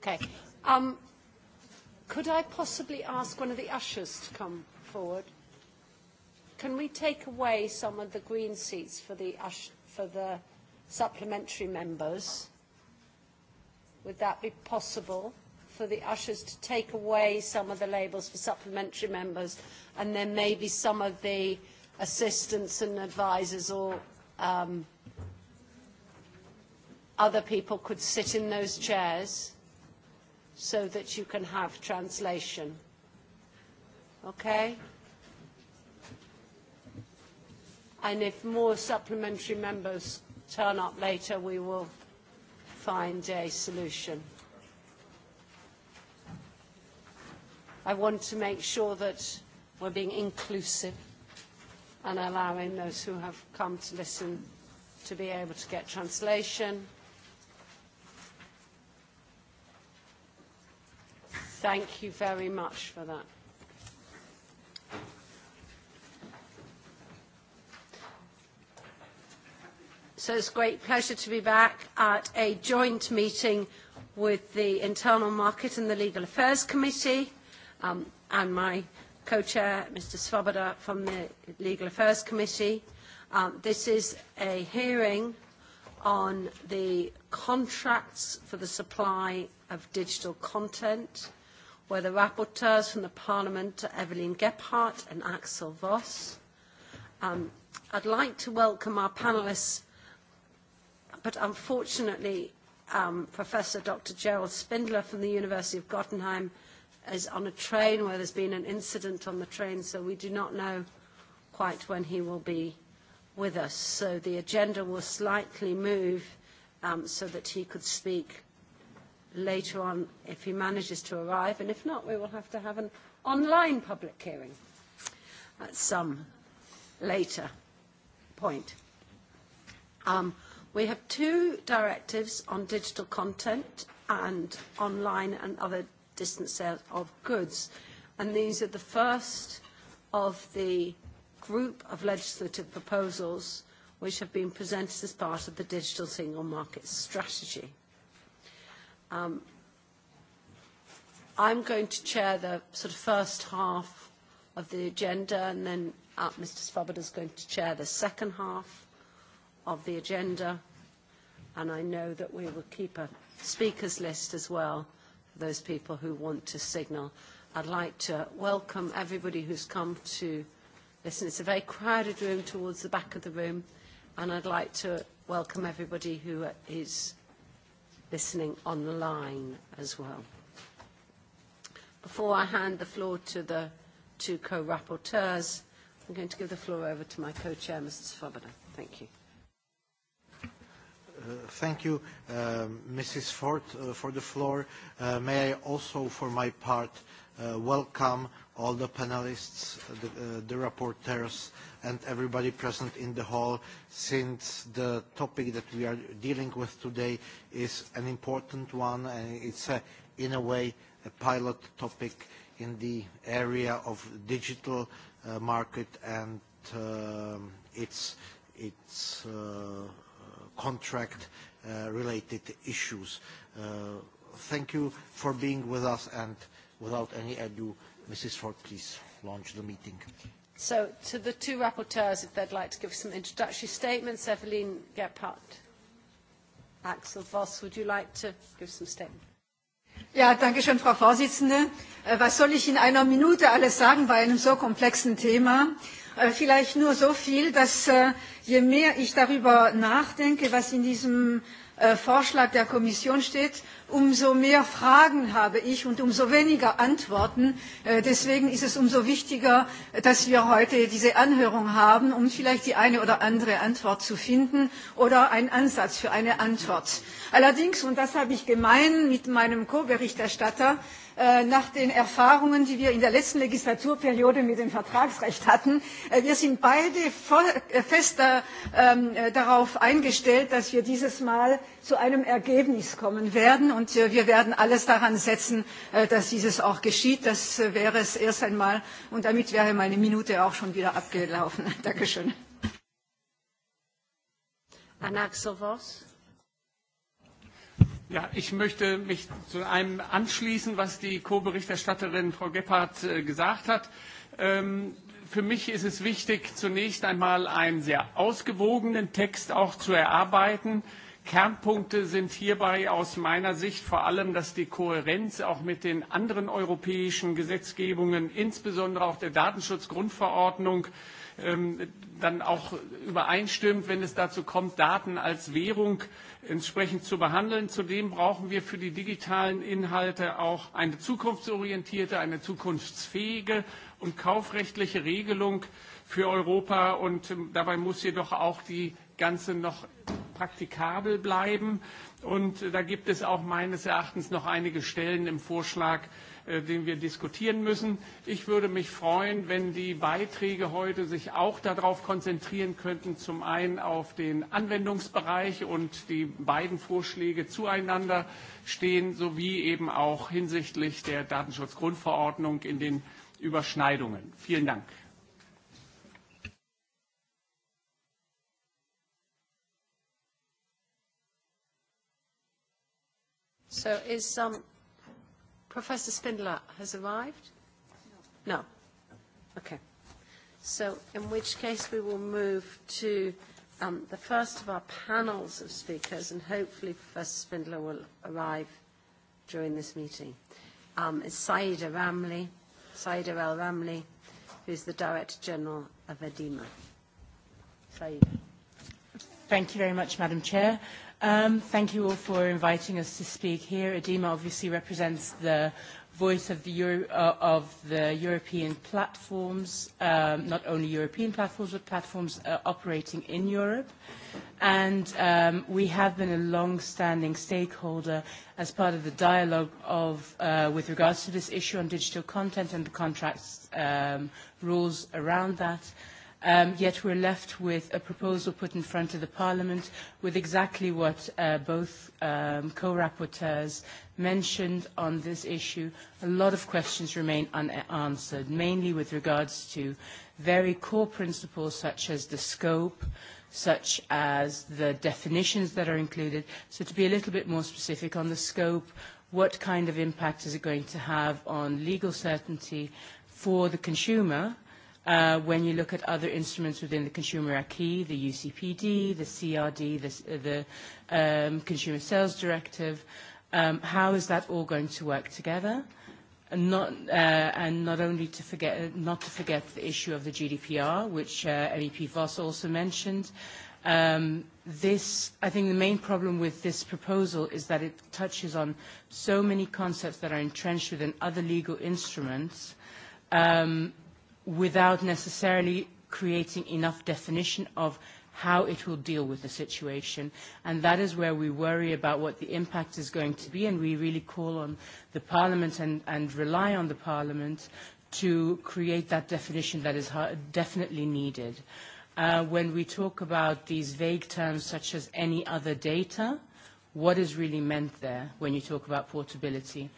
Okay. Um, could I possibly ask one of the ushers to come forward? Can we take away some of the green seats for the, ush- for the supplementary members? Would that be possible for the ushers to take away some of the labels for supplementary members and then maybe some of the assistants and advisors or um, other people could sit in those chairs? so that you can have translation. Okay? And if more supplementary members turn up later, we will find a solution. I want to make sure that we're being inclusive and allowing those who have come to listen to be able to get translation. Thank you very much for that. So it's a great pleasure to be back at a joint meeting with the Internal Market and the Legal Affairs Committee um, and my co-chair, Mr. Svoboda, from the Legal Affairs Committee. Um, this is a hearing on the contracts for the supply of digital content where the rapporteurs from the Parliament are Evelyn Gephardt and Axel Voss. Um, I'd like to welcome our panelists, but unfortunately, um, Professor Dr. Gerald Spindler from the University of Gottenheim is on a train where there's been an incident on the train, so we do not know quite when he will be with us. So the agenda will slightly move um, so that he could speak later on if he manages to arrive, and if not, we will have to have an online public hearing at some later point. Um, we have two directives on digital content and online and other distance sales of goods, and these are the first of the group of legislative proposals which have been presented as part of the digital single market strategy. Um, I'm going to chair the sort of first half of the agenda, and then uh, Mr. Svoboda is going to chair the second half of the agenda. And I know that we will keep a speakers list as well for those people who want to signal. I'd like to welcome everybody who's come to listen. It's a very crowded room towards the back of the room, and I'd like to welcome everybody who is. Uh, listening online as well. Before I hand the floor to the two co-rapporteurs, I'm going to give the floor over to my co-chair, Mr. Svoboda. Thank you. Uh, thank you, uh, Mrs. Ford, uh, for the floor. Uh, may I also, for my part, uh, welcome all the panelists, the, uh, the reporters, and everybody present in the hall, since the topic that we are dealing with today is an important one, and it's, a, in a way, a pilot topic in the area of digital uh, market and uh, its, its uh, contract-related uh, issues. Uh, thank you for being with us, and without any ado, Mrs. Ford, please launch the meeting. So to the two rapporteurs, if they'd like to give some introductory statements, Evelyn Gephardt, Axel Voss, would you like to give some statements? Ja, danke schön, Frau Vorsitzende. Äh, was soll ich in einer Minute alles sagen bei einem so komplexen Thema? Äh, vielleicht nur so viel, dass äh, je mehr ich darüber nachdenke, was in diesem Äh, vorschlag der kommission steht umso mehr fragen habe ich und umso weniger antworten. Äh, deswegen ist es umso wichtiger äh, dass wir heute diese anhörung haben um vielleicht die eine oder andere antwort zu finden oder einen ansatz für eine antwort. allerdings und das habe ich mit meinem ko berichterstatter Äh, nach den Erfahrungen, die wir in der letzten Legislaturperiode mit dem Vertragsrecht hatten. Äh, wir sind beide äh, fest ähm, darauf eingestellt, dass wir dieses Mal zu einem Ergebnis kommen werden. Und wir werden alles daran setzen, dass dieses auch geschieht. Das wäre es erst einmal. Und damit wäre meine Minute auch schon wieder abgelaufen. Dankeschön. Anna Axel-Voss. Ja, ich möchte mich zu einem anschließen, was die Co-Berichterstatterin Frau Gebhardt äh, gesagt hat. Ähm, für mich ist es wichtig, zunächst einmal einen sehr ausgewogenen Text auch zu erarbeiten. Kernpunkte sind hierbei aus meiner Sicht vor allem, dass die Kohärenz auch mit den anderen europäischen Gesetzgebungen, insbesondere auch der Datenschutzgrundverordnung, ähm, dann auch übereinstimmt, wenn es dazu kommt, Daten als Währung entsprechend zu behandeln. Zudem brauchen wir für die digitalen Inhalte auch eine zukunftsorientierte, eine zukunftsfähige und kaufrechtliche Regelung für Europa. Und ähm, dabei muss jedoch auch die Ganze noch praktikabel bleiben. Und äh, da gibt es auch meines Erachtens noch einige Stellen im Vorschlag, äh, den wir diskutieren müssen. Ich würde mich freuen, wenn die Beiträge heute sich auch darauf konzentrieren könnten, zum einen auf den Anwendungsbereich und die beiden Vorschläge zueinander stehen, sowie eben auch hinsichtlich der Datenschutzgrundverordnung in den Überschneidungen. Vielen Dank. So is um, Professor Spindler has arrived? No. no. Okay. So in which case we will move to um, the first of our panels of speakers, and hopefully Professor Spindler will arrive during this meeting. Um, it's Saida Ramli, Saida El Ramli, who's the Director General of ADEMA. Saida. Thank you very much, Madam Chair. Um, thank you all for inviting us to speak here. Edema obviously represents the voice of the, Euro, uh, of the European platforms, um, not only European platforms, but platforms uh, operating in Europe. And um, we have been a long-standing stakeholder as part of the dialogue of, uh, with regards to this issue on digital content and the contracts um, rules around that. Um, yet we're left with a proposal put in front of the Parliament with exactly what uh, both um, co-rapporteurs mentioned on this issue. A lot of questions remain unanswered, mainly with regards to very core principles such as the scope, such as the definitions that are included. So to be a little bit more specific on the scope, what kind of impact is it going to have on legal certainty for the consumer? Uh, when you look at other instruments within the consumer acquis, the UCPD, the CRD, the, the um, Consumer Sales Directive, um, how is that all going to work together? And not, uh, and not only to forget, not to forget the issue of the GDPR, which uh, MEP Voss also mentioned. Um, this, I think the main problem with this proposal is that it touches on so many concepts that are entrenched within other legal instruments um, without necessarily creating enough definition of how it will deal with the situation. And that is where we worry about what the impact is going to be, and we really call on the Parliament and, and rely on the Parliament to create that definition that is definitely needed. Uh, when we talk about these vague terms such as any other data, what is really meant there when you talk about portability?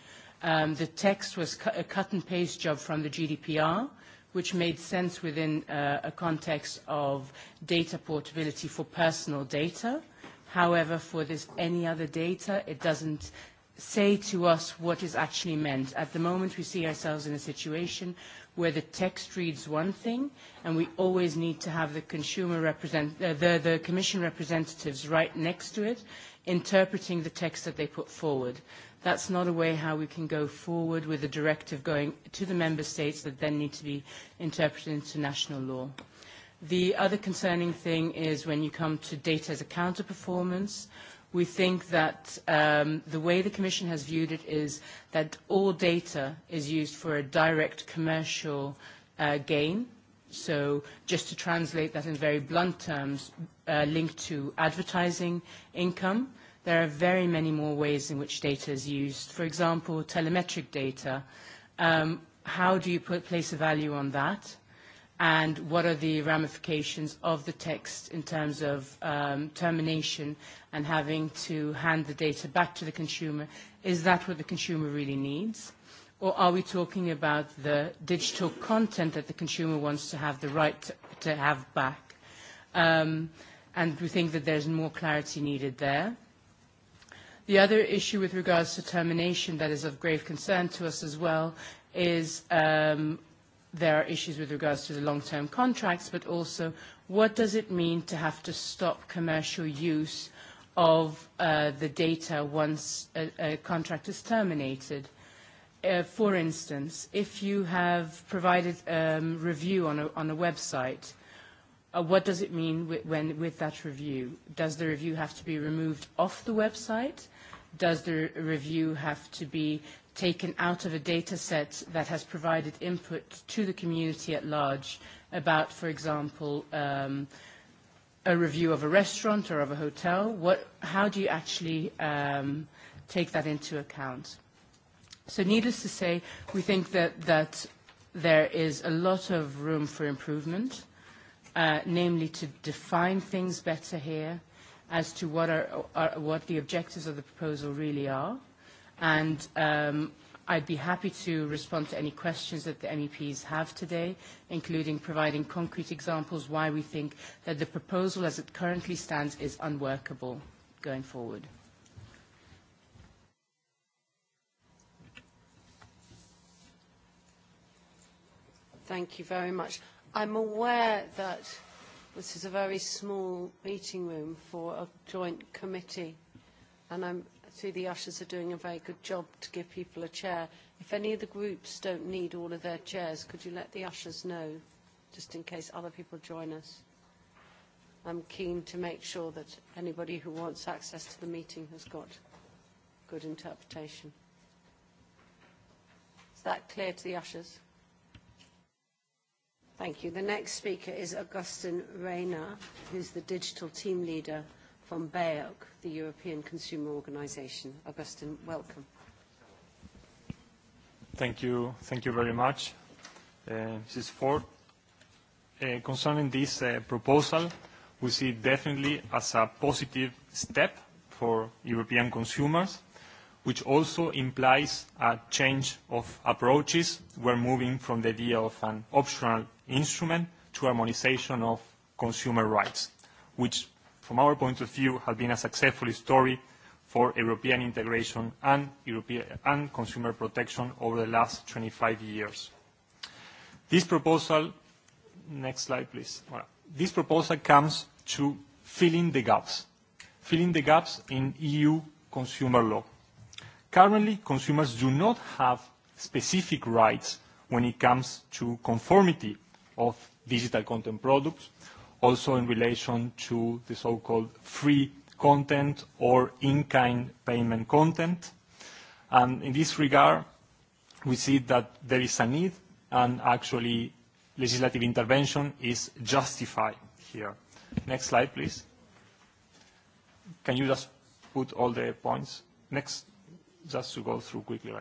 Um, the text was cu- a cut and paste job from the GDPR which made sense within uh, a context of data portability for personal data. However, for this any other data, it doesn't say to us what is actually meant. At the moment, we see ourselves in a situation where the text reads one thing, and we always need to have the, consumer represent, uh, the, the commission representatives right next to it, interpreting the text that they put forward. That's not a way how we can go forward with a directive going to the member states that then need to be interpreted into national law. The other concerning thing is when you come to data as a counter-performance, uh, We think that um, the way the Commission has viewed it is that all data is used for a direct commercial uh, gain. So just to translate that in very blunt terms, uh, linked to advertising income, there are very many more ways in which data is used. For example, telemetric data. Um, how do you put place a value on that? and what are the ramifications of the text in terms of um, termination and having to hand the data back to the consumer? Is that what the consumer really needs? Or are we talking about the digital content that the consumer wants to have the right to, to have back? Um, and we think that there's more clarity needed there. The other issue with regards to termination that is of grave concern to us as well is um, there are issues with regards to the long-term contracts, but also what does it mean to have to stop commercial use of uh, the data once a, a contract is terminated? Uh, for instance, if you have provided um, review on a review on a website, uh, what does it mean with, when, with that review? Does the review have to be removed off the website? Does the re review have to be taken out of a data set that has provided input to the community at large about, for example, um, a review of a restaurant or of a hotel? What, how do you actually um, take that into account? So needless to say, we think that, that there is a lot of room for improvement, uh, namely to define things better here as to what, are, are, what the objectives of the proposal really are and um, I'd be happy to respond to any questions that the MEPs have today, including providing concrete examples why we think that the proposal as it currently stands is unworkable going forward. Thank you very much. I'm aware that this is a very small meeting room for a joint committee, and I'm through the ushers are doing a very good job to give people a chair. If any of the groups don't need all of their chairs, could you let the ushers know, just in case other people join us? I'm keen to make sure that anybody who wants access to the meeting has got good interpretation. Is that clear to the ushers? Thank you. The next speaker is Augustin Reyna, who's the digital team leader from BEOC, the European Consumer Organization. Augustin, welcome. Thank you. Thank you very much, uh, Mrs. Ford. Uh, concerning this uh, proposal, we see definitely as a positive step for European consumers, which also implies a change of approaches. We're moving from the idea of an optional instrument to harmonization of consumer rights, which from our point of view, have been a successful story for European integration and, European, and consumer protection over the last 25 years. This proposal, next slide please. This proposal comes to filling the gaps, filling the gaps in EU consumer law. Currently, consumers do not have specific rights when it comes to conformity of digital content products also in relation to the so-called free content or in-kind payment content. In this regard, we see that there is a need, and actually, legislative intervention is justified here. Next slide, please. Can you just put all the points? Next, just to go through quickly.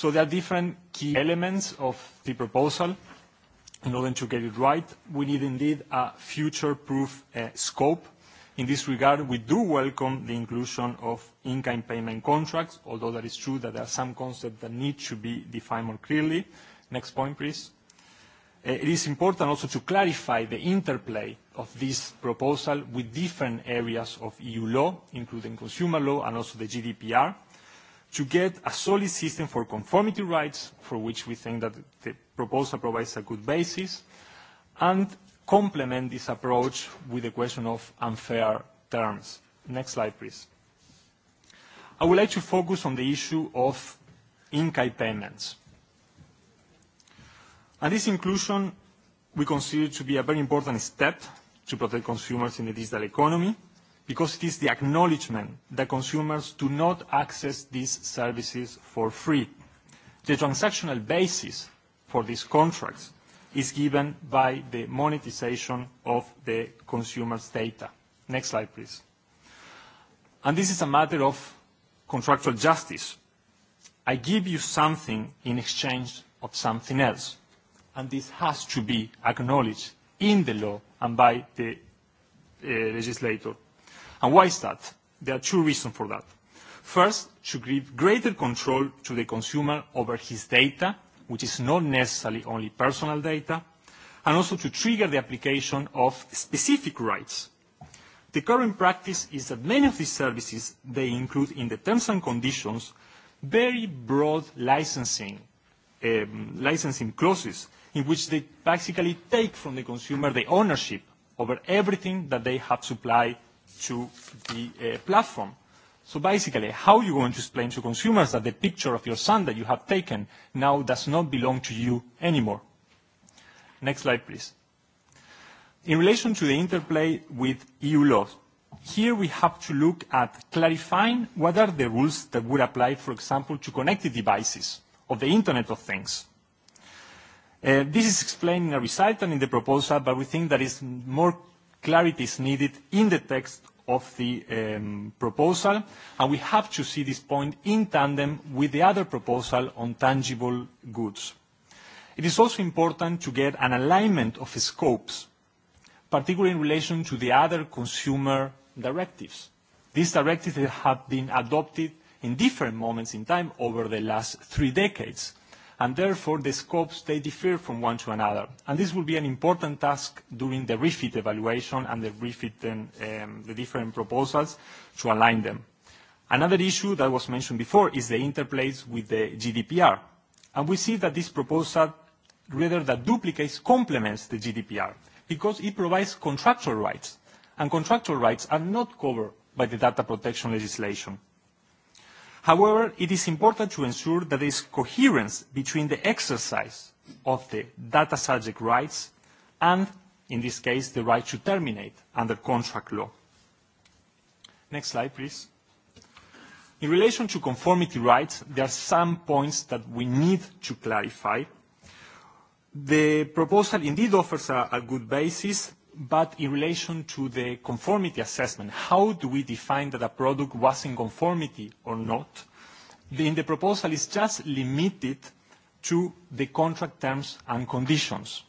There are different key elements of the proposal. In order to get it right, we need indeed a future-proof uh, scope. In this regard, we do welcome the inclusion of in-kind payment contracts, although that is true that there are some concepts that need to be defined more clearly. Next point, please. Uh, it is important also to clarify the interplay of this proposal with different areas of EU law, including consumer law and also the GDPR to get a solid system for conformity rights, for which we think that the proposal provides a good basis, and complement this approach with the question of unfair terms. Next slide, please. I would like to focus on the issue of in-kind payments. And this inclusion we consider to be a very important step to protect consumers in the digital economy because it is the acknowledgement that consumers do not access these services for free. The transactional basis for these contracts is given by the monetization of the consumer's data. Next slide, please. And this is a matter of contractual justice. I give you something in exchange of something else. And this has to be acknowledged in the law and by the uh, legislator Why is that? There are two reasons for that. First, to give greater control to the consumer over his data, which is not necessarily only personal data, and also to trigger the application of specific rights. The current practice is that many of these services, they include in the terms and conditions, very broad licensing um, clauses in which they basically take from the consumer the ownership over everything that they have supplied to the uh, platform. So basically, how are you going to explain to consumers that the picture of your son that you have taken now does not belong to you anymore? Next slide, please. In relation to the interplay with EU laws, here we have to look at clarifying what are the rules that would apply, for example, to connected devices of the Internet of Things. Uh, this is explained in a resultant in the proposal, but we think that is more clarity is needed in the text of the um, proposal, and we have to see this point in tandem with the other proposal on tangible goods. It is also important to get an alignment of scopes, particularly in relation to the other consumer directives. These directives have been adopted in different moments in time over the last three decades and therefore the scopes, they differ from one to another. This will be an important task during the refit evaluation and the refit then, um, um, the different proposals to align them. Another issue that was mentioned before is the interplay with the GDPR. We see that this proposal, rather than duplicates, complements the GDPR because it provides contractual rights, and contractual rights are not covered by the data protection legislation. However, it is important to ensure that there is coherence between the exercise of the data subject rights and, in this case, the right to terminate under contract law. Next slide, please. In relation to conformity rights, there are some points that we need to clarify. The proposal indeed offers a, a good basis, but in relation to the conformity assessment, how do we define that a product was in conformity or not? The, in the proposal is just limited to the contract terms and conditions.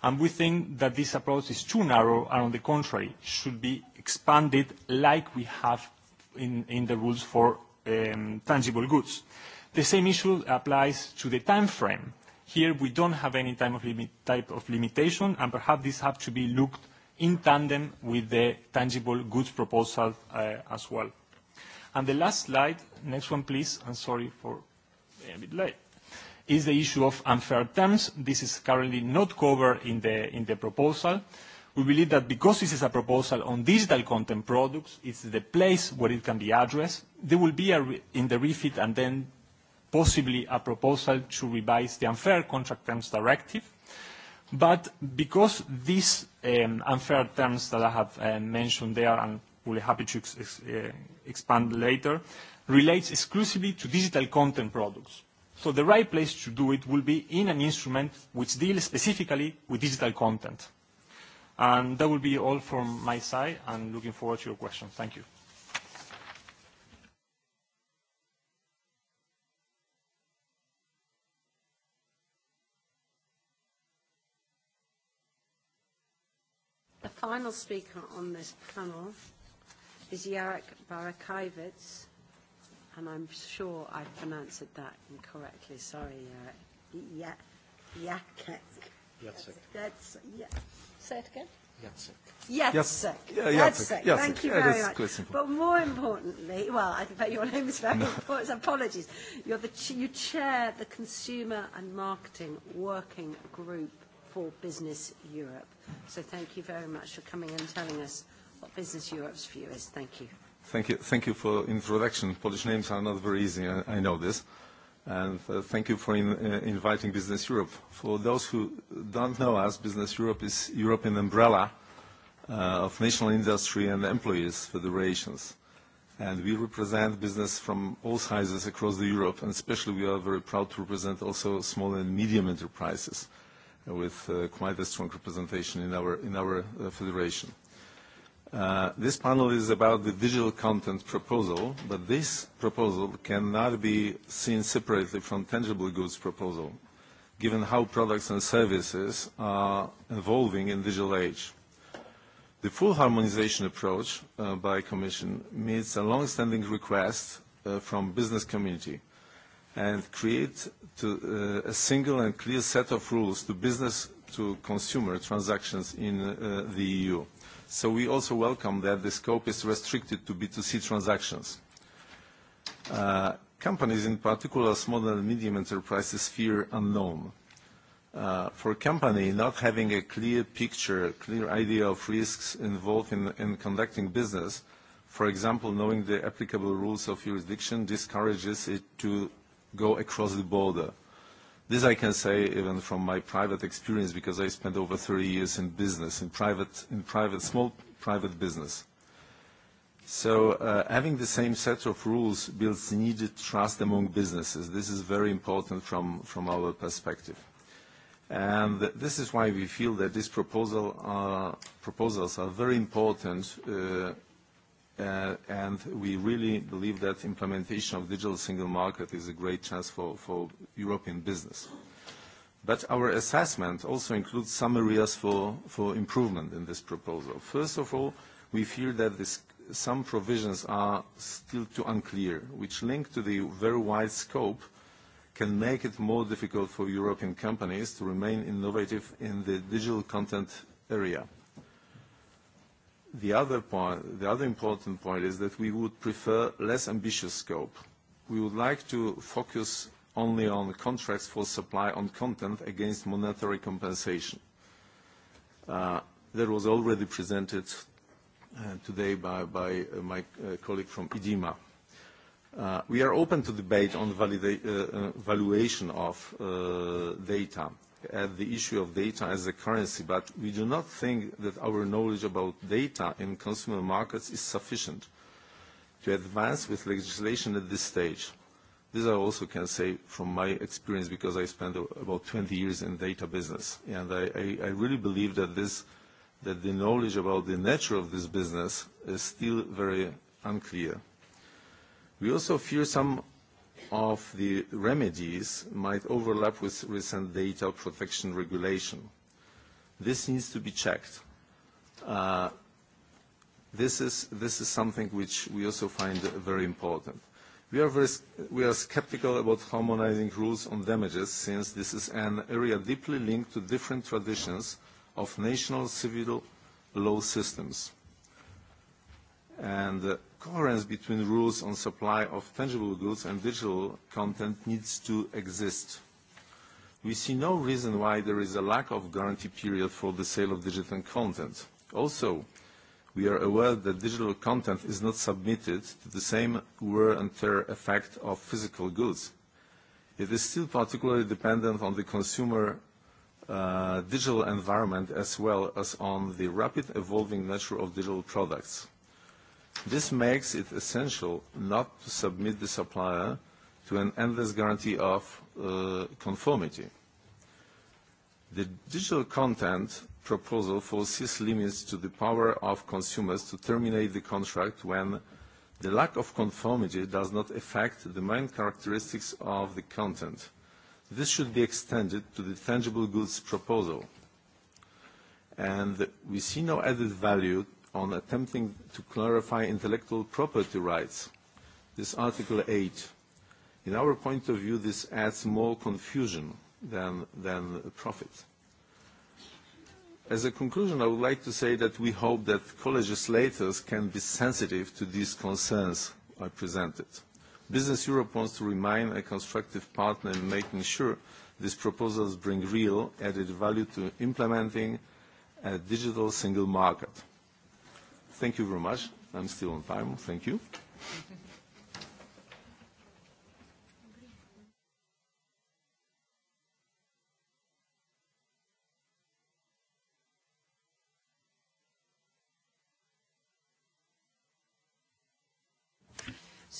And we think that this approach is too narrow and on the contrary, should be expanded like we have in, in the rules for um, tangible goods. The same issue applies to the time frame. Here we don't have any time of limit, type of limitation and perhaps this has to be looked in tandem with the tangible goods proposal uh, as well. The last slide, next one, please. I'm sorry for being a bit late. Is the issue of unfair terms. This is currently not covered in the proposal. We believe that because this is a proposal on digital content products, it's the place where it can be addressed. There will be a review in the refit and then possibly a proposal to revise the Unfair Contract Terms Directive. But because these um, unfair terms that I have uh, mentioned there and will be happy to ex ex uh, expand later, relates exclusively to digital content products. So the right place to do it will be in an instrument which deals specifically with digital content. And that will be all from my side and looking forward to your questions. Thank you. final speaker on this panel is Yarek Barakaivitz, and I'm sure I pronounced that incorrectly. Sorry, Yarek. Yeah, yeah. Yatsik. Yatsik. That's, yeah. Say it again. Yatsik. Yes, yes, sir. Yes, yes, sir. Yes, Thank yes, you very much. But more importantly, well, I bet your name is very no. important. Apologies. You're the ch- you chair the Consumer and Marketing Working Group for Business Europe. So thank you very much for coming and telling us what Business Europe's view is. Thank you. Thank you. Thank you for introduction. Polish names are not very easy. I, I know this. And uh, thank you for in, uh, inviting Business Europe. For those who don't know us, Business Europe is European umbrella uh, of national industry and employees federations. And we represent business from all sizes across the Europe, and especially we are very proud to represent also small and medium enterprises. Uh, with uh, quite a strong representation in our uh, federation. Uh, this panel is about the digital content proposal, but this proposal cannot be seen separately from tangible goods proposal, given how products and services are evolving in digital age. The full harmonization approach by Commission meets a long-standing request from business community and create to, uh, a single and clear set of rules to business-to-consumer transactions in uh, the EU. So we also welcome that the scope is restricted to B2C transactions. Uh, companies, in particular small and medium enterprises, fear unknown. Uh, for a company, not having a clear picture, clear idea of risks involved in, in conducting business, for example, knowing the applicable rules of jurisdiction discourages it to go across the border. This I can say even from my private experience because I spent over 30 years in business, in private, in private small private business. So uh, having the same set of rules builds needed trust among businesses. This is very important from, from our perspective. And this is why we feel that these proposal are, proposals are very important uh, Uh, and we really believe that implementation of digital single market is a great chance for European business. Our assessment also includes some areas for improvement in this proposal. First of all, we feel that some provisions are still too unclear, which link to the very wide scope can make it more difficult for European companies to remain innovative in the digital content area. The other important point is that we would prefer less ambitious scope. We would like to focus only on contracts for supply on content against monetary compensation. Uh, that was already presented uh, today by uh, my colleague from IDIMA. We are open to debate on valuation of data at the issue of data as a currency, but we do not think that our knowledge about data in consumer markets is sufficient to advance with legislation at this stage. This I also can say from my experience, because I spent about 20 years in data business, and I really believe that the knowledge about the nature of this business is still very unclear. We also fear some of the remedies might overlap with recent data protection regulation. This needs to be checked. Uh, this is something which we also find very important. We are skeptical about harmonizing rules on damages, since this is an area deeply linked to different traditions of national civil law systems and coherence between rules on supply of tangible goods and digital content needs to exist. We see no reason why there is a lack of guarantee period for the sale of digital content. Also, we are aware that digital content is not submitted to the same wear and tear effect of physical goods. It is still particularly dependent on the consumer uh, digital environment as well as on the rapid evolving nature of digital products. This makes it essential not to submit the supplier to an endless guarantee of uh, conformity. The digital content proposal foresees limits to the power of consumers to terminate the contract when the lack of conformity does not affect the main characteristics of the content. This should be extended to the tangible goods proposal. And we see no added value on attempting to clarify intellectual property rights, this Article 8. In our point of view, this adds more confusion than, than profit. As a conclusion, I would like to say that we hope that co-legislators can be sensitive to these concerns I presented. Business Europe wants to remain a constructive partner in making sure these proposals bring real added value to implementing a digital single market. Thank you very much. I'm still on time. Thank you.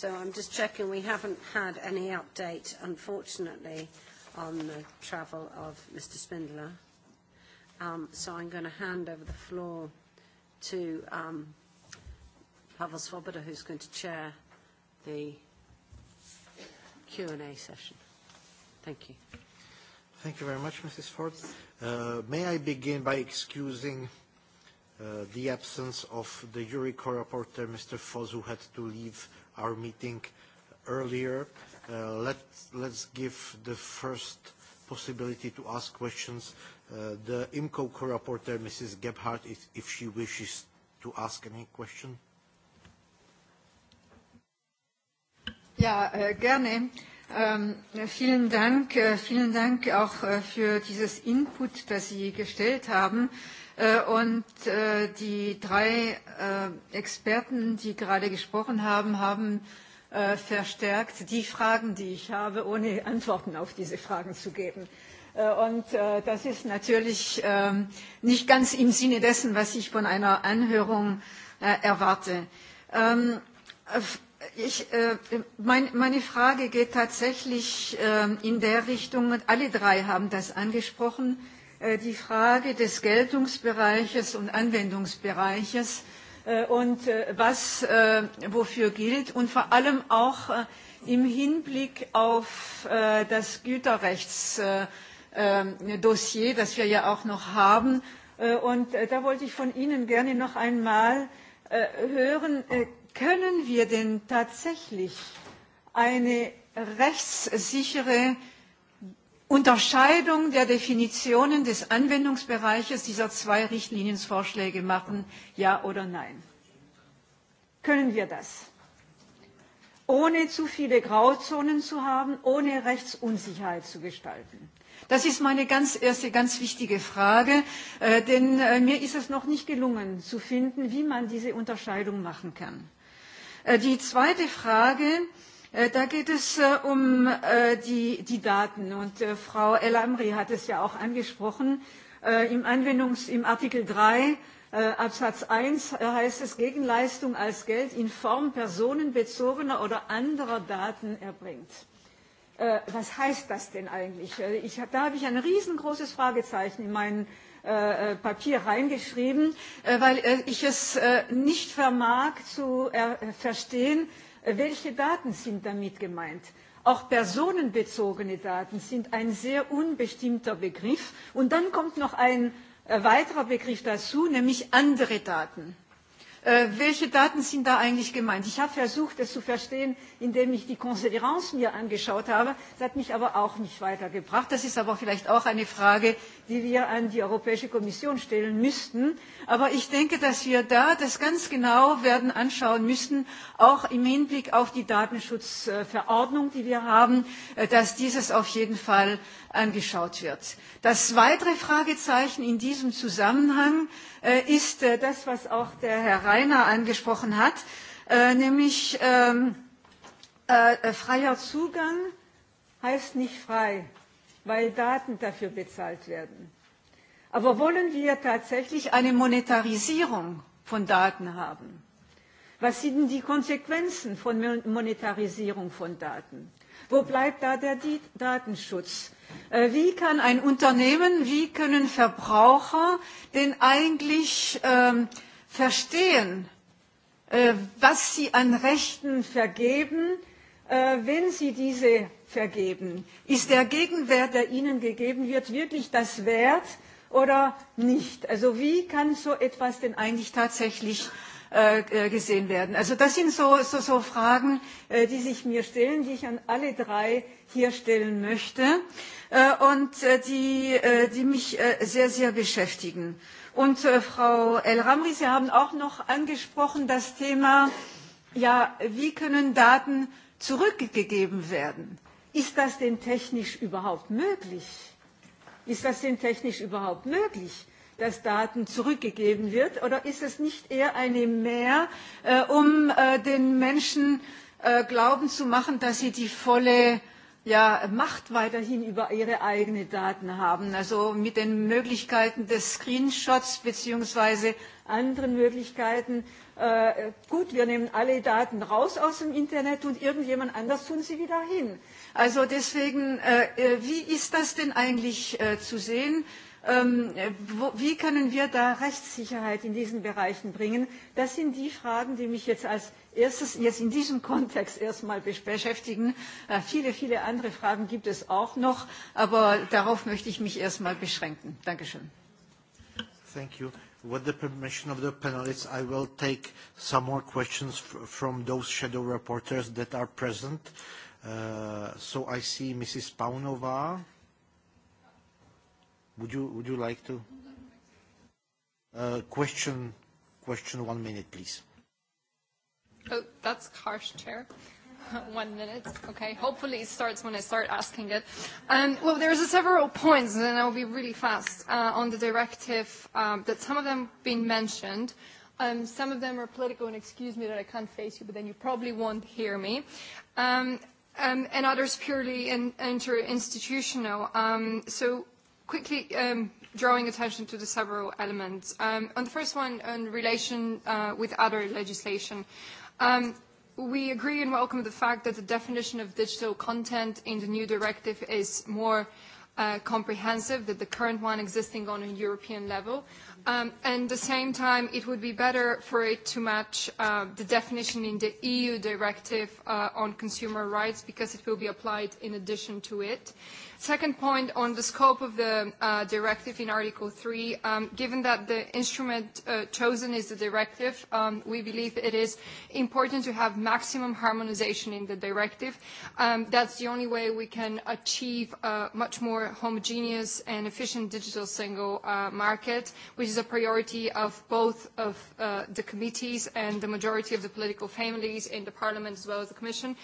I'm just checking. We haven't had any update, unfortunately, on the travel of Mr. Spindler. Um, I'm gonna hand over the floor to um, Pavel Svoboda, who's going to chair the Q&A session. Thank you. Thank you very much, Mrs. Ford. Uh, may I begin by excusing uh, the absence of the Eureka reporter, Mr. Foz, who had to leave our meeting earlier. Uh, let, let's give the first uh, possibility to ask questions uh, the IMCO co-reporter, Mrs. Gebhardt, if, if she wishes to ask any question. Ja, äh, gerne. Ähm, vielen Dank. Äh, vielen Dank auch äh, für dieses Input, das Sie gestellt haben. Äh, und äh, die drei äh, Experten, die gerade gesprochen haben, haben äh, äh, verstärkt die Fragen, die ich habe, ohne Antworten auf diese Fragen zu geben. Äh, und äh, das ist natürlich äh, nicht ganz im Sinne dessen, was ich von einer Anhörung äh, erwarte. Ähm, ich, äh, mein, meine Frage geht tatsächlich äh, in der Richtung, und alle drei haben das angesprochen, äh, die Frage des Geltungsbereiches und Anwendungsbereiches äh, Äh, und äh, was äh, wofür gilt und vor allem auch im Hinblick auf das Güterrechtsdossier, das wir ja auch noch haben. Und da wollte ich von Ihnen gerne noch einmal hören, können wir denn tatsächlich eine rechtssichere äh, unterscheidung der definitionen des anwendungsbereiches dieser zwei richtlinienvorschläge machen ja oder nein? können wir das ohne zu viele grauzonen zu haben ohne rechtsunsicherheit zu gestalten? das ist meine ganz erste ganz wichtige frage äh, denn äh, mir ist es noch nicht gelungen zu finden wie man diese unterscheidung machen kann. Äh, die zweite frage Äh, da geht es äh, um äh, die, die Daten. Und äh, Frau El Amri hat es ja auch angesprochen. Äh, im, Anwendungs-, Im Artikel 3 äh, Absatz 1 äh, heißt es, Gegenleistung als Geld in Form personenbezogener oder anderer Daten erbringt. Äh, was heißt das denn eigentlich? Äh, ich hab, da habe ich ein riesengroßes Fragezeichen in meinen äh, äh, Papier reingeschrieben, äh, weil äh, ich es äh, nicht vermag zu äh, verstehen, Welche Daten sind damit gemeint? Auch personenbezogene Daten sind ein sehr unbestimmter Begriff. Und dann kommt noch ein äh, weiterer Begriff dazu, nämlich andere Daten. Äh, welche Daten sind da eigentlich gemeint? Ich habe versucht, das zu verstehen, indem ich die Considerance mir angeschaut habe. Das hat mich aber auch nicht weitergebracht. Das ist aber vielleicht auch eine Frage, die wir an die Europäische Kommission stellen müssten. Aber ich denke, dass wir da das ganz genau werden anschauen müssen, auch im Hinblick auf die Datenschutzverordnung, die wir haben, äh, dass dieses auf jeden Fall angeschaut wird. Das weitere Fragezeichen in diesem Zusammenhang Äh, ist äh, das, was auch der Herr Reiner angesprochen hat, äh, nämlich ähm, äh, freier Zugang heißt nicht frei, weil Daten dafür bezahlt werden. Aber wollen wir tatsächlich eine Monetarisierung von Daten haben? Was sind denn die Konsequenzen von Monetarisierung von Daten? Wo bleibt da der Datenschutz? Äh, wie kann ein Unternehmen, wie können Verbraucher denn eigentlich ähm, verstehen, äh, was sie an Rechten vergeben, äh, wenn sie diese vergeben? Ist der Gegenwert, der ihnen gegeben wird, wirklich das Wert oder nicht? Also wie kann so etwas denn eigentlich tatsächlich Äh, gesehen werden. Also das sind so, so, so Fragen, äh, die sich mir stellen, die ich an alle drei hier stellen möchte äh, und die, die mich sehr, sehr beschäftigen. Und Frau El-Ramri, Sie haben auch noch angesprochen das Thema, ja, wie können Daten zurückgegeben werden? Ist das denn technisch überhaupt möglich? Ist das denn technisch überhaupt möglich? dass Daten zurückgegeben wird? Oder ist es nicht eher eine Mehr, äh, um äh, den Menschen äh, glauben zu machen, dass sie die volle ja, Macht weiterhin über ihre eigenen Daten haben? Also mit den Möglichkeiten des Screenshots bzw. anderen Möglichkeiten. Äh, gut, wir nehmen alle Daten raus aus dem Internet und irgendjemand anders tun sie wieder hin. Also deswegen, äh, äh wie ist das denn eigentlich äh, zu sehen? Ähm, wo, wie können wir da Rechtssicherheit in diesen Bereichen bringen? Das sind die Fragen, die mich jetzt als erstes jetzt in diesem Kontext erstmal beschäftigen. Äh, viele, viele andere Fragen gibt es auch noch, aber darauf möchte ich mich erstmal beschränken. Dankeschön. Thank you. With the permission of the panelists, I will take some more questions f from those shadow reporters that are present. Uh, so I see Mrs. Paunova. Uh, Would you would you like to? Uh, question question one minute, please. Oh, that's harsh, Chair. one minute. Okay. Hopefully it starts when I start asking it. And um, well there's a several points and I'll be really fast uh, on the directive um, that some of them have been mentioned. Um, some of them are political, and excuse me that I can't face you, but then you probably won't hear me. Um, um, and others purely in, interinstitutional. Um, so quickly um, drawing attention to the several elements. Um, on the first one, in relation uh, with other legislation, um, we agree and welcome the fact that the definition of digital content in the new directive is more uh, Uh, comprehensive than the current one existing on a European level. Um, and at the same time, it would be better for it to match uh, the definition in the EU directive uh, on consumer rights because it will be applied in addition to it. Second point on the scope of the uh, directive in Article 3, um, given that the instrument uh, chosen is the directive, um, we believe it is important to have maximum harmonization in the directive. Um, that's the only way we can achieve uh, much more more homogeneous and efficient digital single uh, market, which is a priority of both of uh, the committees and the majority of the political families in the Parliament as well as the Commission.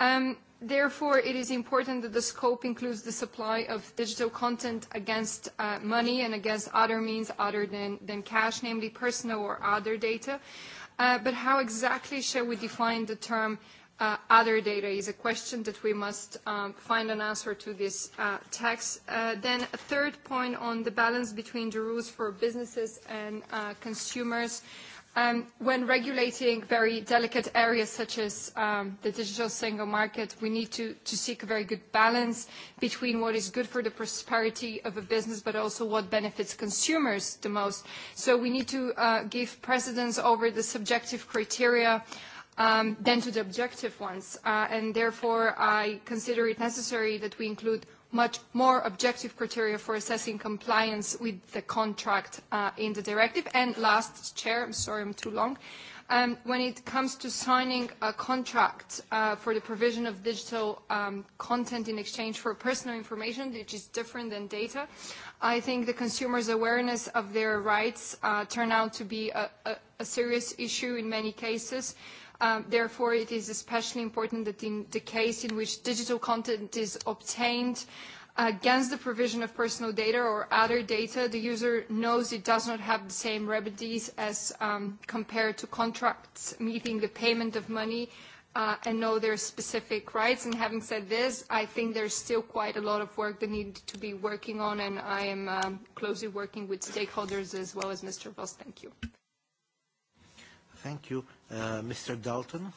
Um, therefore, it is important that the scope includes the supply of digital content against uh, money and against other means other than, than cash, namely personal or other data. Uh, but how exactly shall we define the term uh, other data is a question that we must um, find an answer to this uh, text. Uh, then a third point on the balance between the rules for businesses and uh, consumers. Um, when regulating very delicate areas such as um, the digital single market, we need to, to seek a very good balance between what is good for the prosperity of a business but also what benefits consumers the most. So we need to uh, give precedence over the subjective criteria uh, um, than to the objective ones. Uh, and therefore, I consider it necessary that we include much more objective criteria for assessing compliance with the contract uh, in the directive. And last, Chair, I'm sorry I'm too long. Um, when it comes to signing a contract uh, for the provision of digital um, content in exchange for personal information, which is different than data, I think the consumer's awareness of their rights uh, turn out to be a, a, a serious issue in many cases. Um, therefore, it is especially important that in the case in which digital content is obtained against the provision of personal data or other data, the user knows it does not have the same remedies as um, compared to contracts meeting the payment of money uh, and know their specific rights. And having said this, I think there's still quite a lot of work that need to be working on, and I am um, closely working with stakeholders as well as Mr. Voss. Thank you. Thank you. Uh, Mr. Dalton.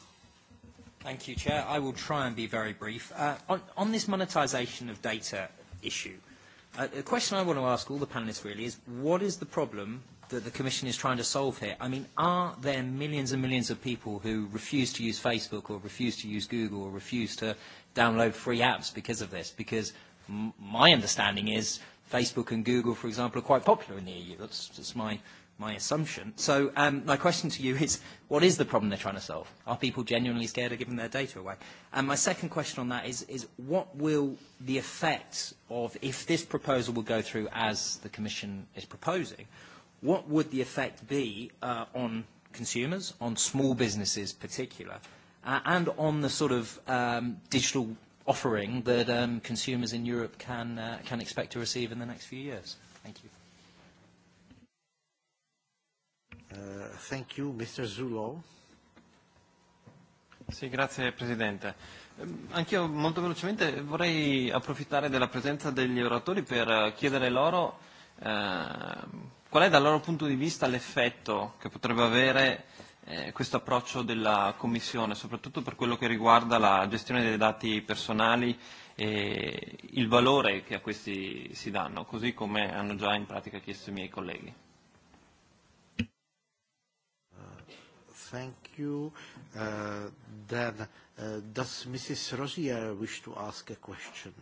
Thank you, Chair. I will try and be very brief. Uh, on, on this monetization of data issue, uh, the question I want to ask all the panelists really is, what is the problem that the Commission is trying to solve here? I mean, are there millions and millions of people who refuse to use Facebook or refuse to use Google or refuse to download free apps because of this? Because m my understanding is Facebook and Google, for example, are quite popular in the EU. That's just my my assumption. So um, my question to you is, what is the problem they're trying to solve? Are people genuinely scared of giving their data away? And my second question on that is, is what will the effect of, if this proposal will go through as the Commission is proposing, what would the effect be uh, on consumers, on small businesses in particular, uh, and on the sort of um, digital offering that um, consumers in Europe can, uh, can expect to receive in the next few years? Thank you. Uh, thank you, Mr. Zulo. Sì, grazie Presidente. Ehm, anch'io molto velocemente vorrei approfittare della presenza degli oratori per chiedere loro eh, qual è dal loro punto di vista l'effetto che potrebbe avere eh, questo approccio della Commissione, soprattutto per quello che riguarda la gestione dei dati personali e il valore che a questi si danno, così come hanno già in pratica chiesto i miei colleghi. thank you. Uh, then, uh, does Mrs. Rosier wish to ask a question?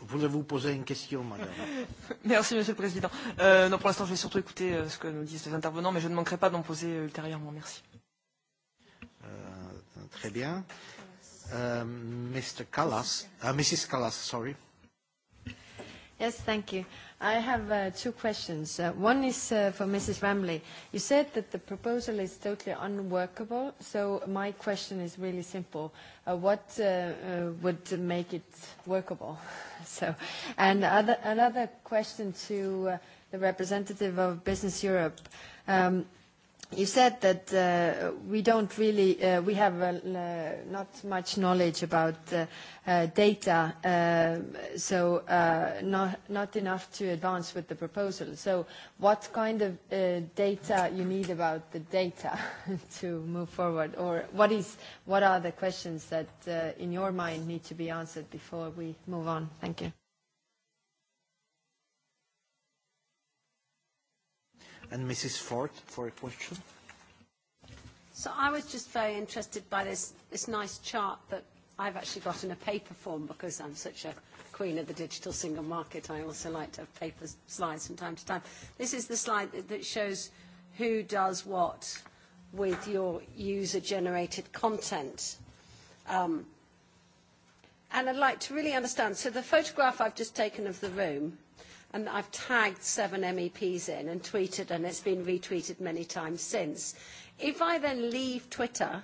Voulez-vous poser une question, madame Merci, monsieur le Président. Euh, non, pour l'instant, je vais surtout écouter euh, ce que nous disent les intervenants, mais je ne manquerai pas d'en poser euh, ultérieurement. Merci. Euh, très bien. Euh, Mr. Callas, uh, Mrs. Callas, sorry. Yes, thank you. I have uh, two questions. Uh, one is uh, for Mrs. Ramley. You said that the proposal is totally unworkable, so my question is really simple. Uh, what uh, uh, would make it workable? so, and other, another question to uh, the representative of Business Europe. Um, You said that uh, we don't really, uh, we have uh, not much knowledge about data, um, so not enough to advance with the proposal. So what kind of data you need about the data to move forward? Or what is, what are the questions that in your mind need to be answered before we move on? Thank you. And Mrs. Ford for a question. So I was just very interested by this, this nice chart that I've actually got in a paper form because I'm such a queen of the digital single market. I also like to have paper slides from time to time. This is the slide that, that shows who does what with your user-generated content. Um, and I'd like to really understand. So the photograph I've just taken of the room and I've tagged seven MEPs in and tweeted, and it's been retweeted many times since. If I then leave Twitter,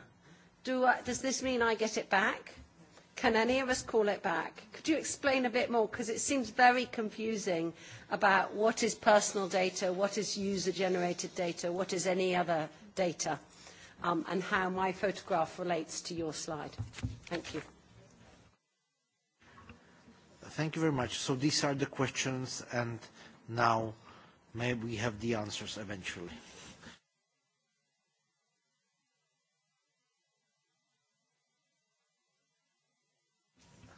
do I, does this mean I get it back? Can any of us call it back? Could you explain a bit more? Because it seems very confusing about what is personal data, what is user-generated data, what is any other data, um, and how my photograph relates to your slide. Thank you thank you very much. So these are the questions, and now may we have the answers eventually.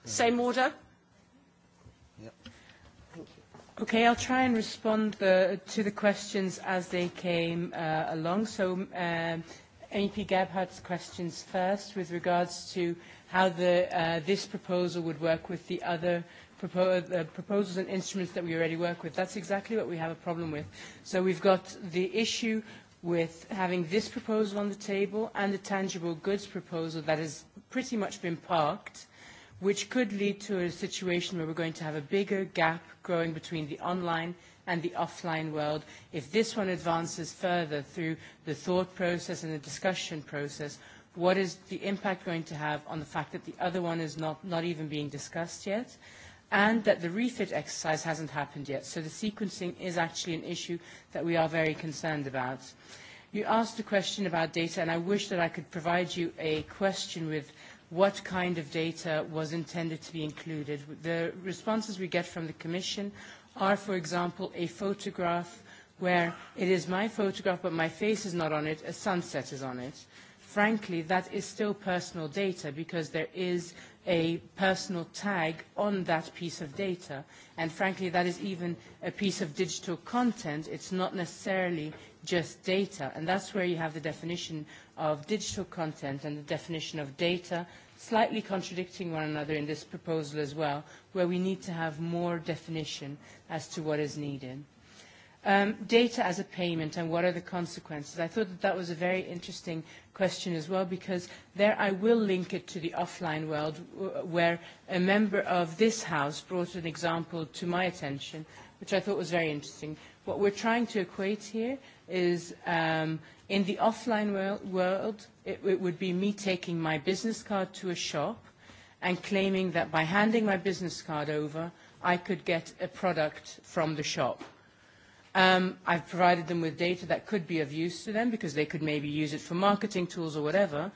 Same order? Yep. Thank you. Okay, I'll try and respond to the questions as they came uh, along. So, MEP um, Gebhardt's questions first, with regards to how uh, this proposal would work with the other propose, uh, uh, proposals and instruments that we already work with. That's exactly what we have a problem with. So we've got the issue with having this proposal on the table and the tangible goods proposal that has pretty much been parked, which could lead to a situation where we're going to have a bigger gap growing between the online and the offline world. If this one advances further through the thought process and the discussion process, what is the impact going to have on the fact that the other one is not, not even being discussed yet? and that the refit exercise hasn't happened yet. So the sequencing is actually an issue that we are very concerned about. You asked a question about data, and I wish that I could provide you a question with what kind of data was intended to be included. The responses we get from the Commission are, for example, a photograph where it is my photograph, but my face is not on it, a sunset is on it. Frankly, that is still personal data because there is a personal tag on that piece of data. And frankly, that is even a piece of digital content. It's not necessarily just data. And that's where you have the definition of digital content and the definition of data slightly contradicting one another in this proposal as well, where we need to have more definition as to what is needed um, data as a payment and what are the consequences? I thought that that was a very interesting question as well because there I will link it to the offline world w where a member of this house brought an example to my attention which I thought was very interesting. What we're trying to equate here is um, in the offline world, world it, it would be me taking my business card to a shop and claiming that by handing my business card over, I could get a product from the shop. Um, I've provided them with data that could be of use to them because they could maybe use it for marketing tools or whatever.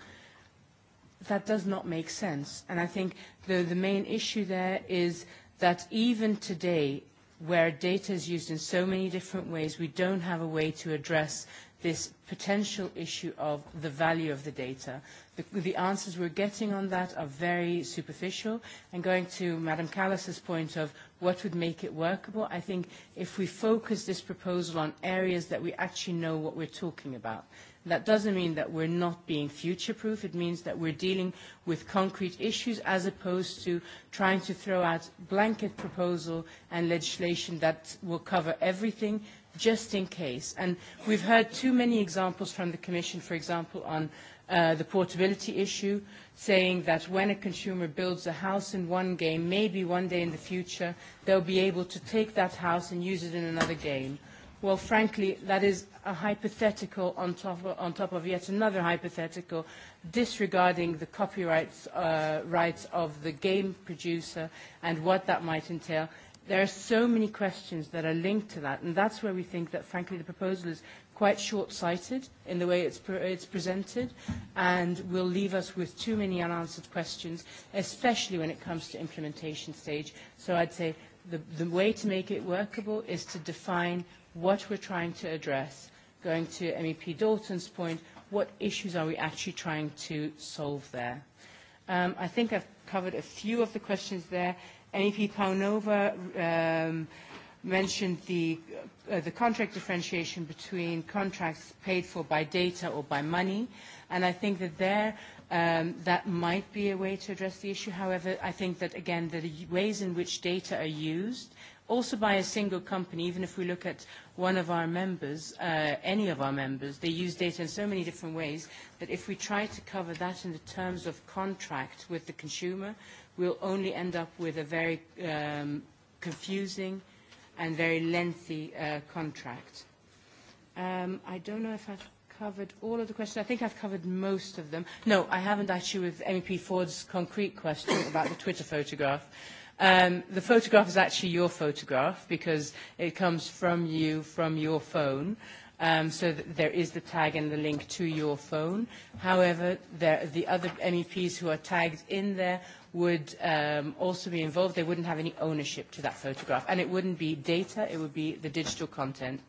That does not make sense. And I think the, the main issue there is that even today, where data is used in so many different ways, we don't have a way to address this potential issue of the value of the data. The, the answers we're getting on that are very superficial. And going to Madam Callas's point of what would make it workable. I think if we focus this proposal on areas that we actually know what we're talking about, that doesn't mean that we're not being future-proof. It means that we're dealing with concrete issues as opposed to trying to throw out blanket proposal and legislation that will cover everything just in case. And we've heard too many examples from the Commission, for example, on Uh, the portability issue, saying that when a consumer builds a house in one game, maybe one day in the future, they'll be able to take that house and use it in another game. Well, frankly, that is a hypothetical on top of, on top of yet another hypothetical, disregarding the copyright uh, rights of the game producer and what that might entail. There are so many questions that are linked to that, and that's where we think that, frankly, the proposal is quite short-sighted in the way it's, pre it's presented and will leave us with too many unanswered questions, especially when it comes to implementation stage. So I'd say the, the way to make it workable is to define what we're trying to address. Going to MEP Dalton's point, what issues are we actually trying to solve there? Um, I think I've covered a few of the questions there. MEP Paunova, um, mentioned the, uh, the contract differentiation between contracts paid for by data or by money, and I think that there um, that might be a way to address the issue. However, I think that, again, the ways in which data are used, also by a single company, even if we look at one of our members, uh, any of our members, they use data in so many different ways that if we try to cover that in the terms of contract with the consumer, we'll only end up with a very um, confusing – and very lengthy uh, contract. Um, I don't know if I've covered all of the questions. I think I've covered most of them. No, I haven't actually with MEP Ford's concrete question about the Twitter photograph. Um, the photograph is actually your photograph because it comes from you, from your phone um, so that there is the tag and the link to your phone. However, there, the other MEPs who are tagged in there would um, also be involved. They wouldn't have any ownership to that photograph. And it wouldn't be data, it would be the digital content.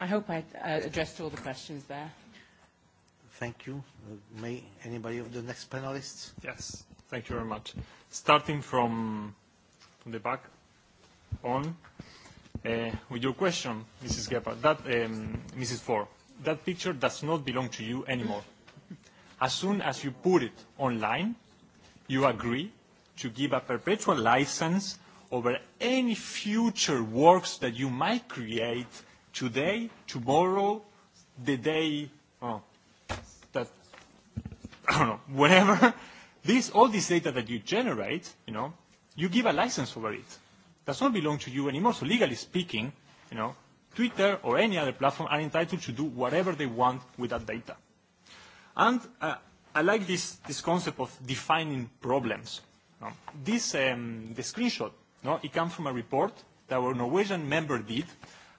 I hope I uh, addressed all the questions there. Thank you. Uh, may anybody of the next panelists? Yes, thank you very much. Starting from, from the back on. Uh, with your question, Mrs. Gephardt, that, um, Mrs. Ford, that picture does not belong to you anymore. As soon as you put it online, you agree to give a perpetual license over any future works that you might create today, tomorrow, the day, oh, that, I don't know, whenever. This, all this data that you generate, you know, you give a license over it does not belong to you anymore. So legally speaking, you know, Twitter or any other platform are entitled to do whatever they want with that data. And uh, I like this, this concept of defining problems. No? This, um, the screenshot, no? it comes from a report that our Norwegian member did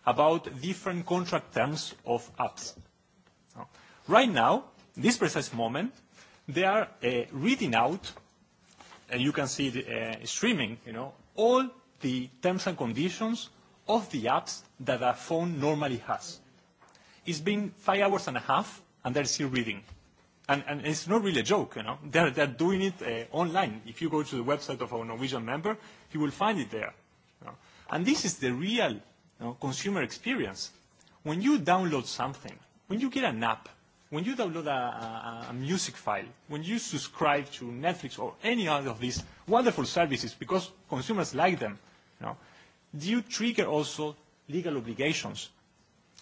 about different contract terms of apps. No? Right now, this precise moment, they are uh, reading out, and you can see it uh, streaming, you know, all the terms and conditions of the apps that a phone normally has. It's been five hours and a half, and they're still reading. And, and it's not really a joke, you know. They're, they're doing it uh, online. If you go to the website of our Norwegian member, you will find it there. You know? And this is the real you know, consumer experience. When you download something, when you get an app, when you download a, a, a music file, when you subscribe to Netflix or any other of these wonderful services because consumers like them, Now, do you trigger also legal obligations?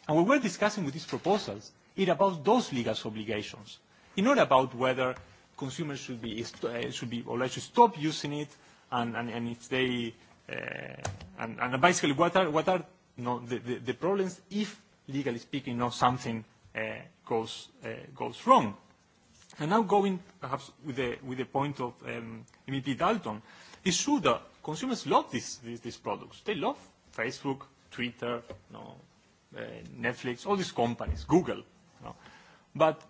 And what we're discussing with these proposals is about those legal obligations, it's not about whether consumers should be, uh, should be obliged to stop using it and, and, and if they, uh, and, and basically what are, what are you know, the, the, the problems if, legally speaking, you know, something uh, goes, uh, goes wrong. And now going perhaps with the, with the point of um, MEP Dalton, it's true that consumers love these, these, these products. They love Facebook, Twitter, you know, uh, Netflix, all these companies, Google. You know. But,